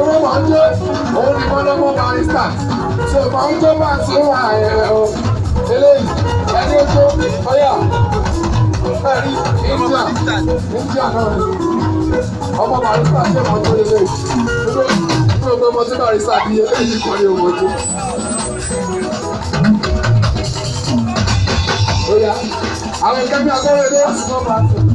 tó wọ́n wà ń lé òun ni wọ́n lọ́mọ barista ṣe máa ń tó máa ti wà ẹ̀rẹ̀ o eléyìí ẹni ojú ọyà ẹ̀rí India India náà ni ọmọ barista ṣe máa tó lélẹ̀ tó tó mọ sí barista bí eléyìí kọ́ ni òun ojú. Oya, àwọn ìkẹ́kẹ́ akọ́rẹ́dé àti nọ́mbà tó.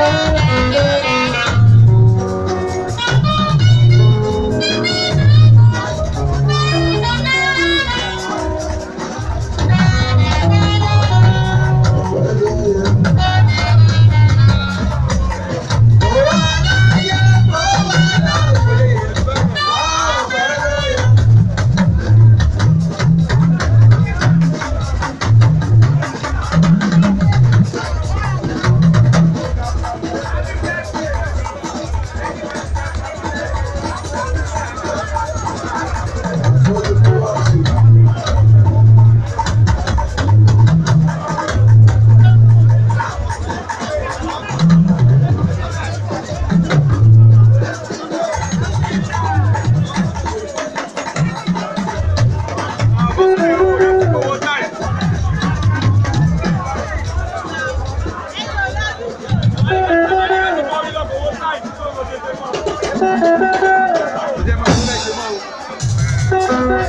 Thank you.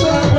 Shut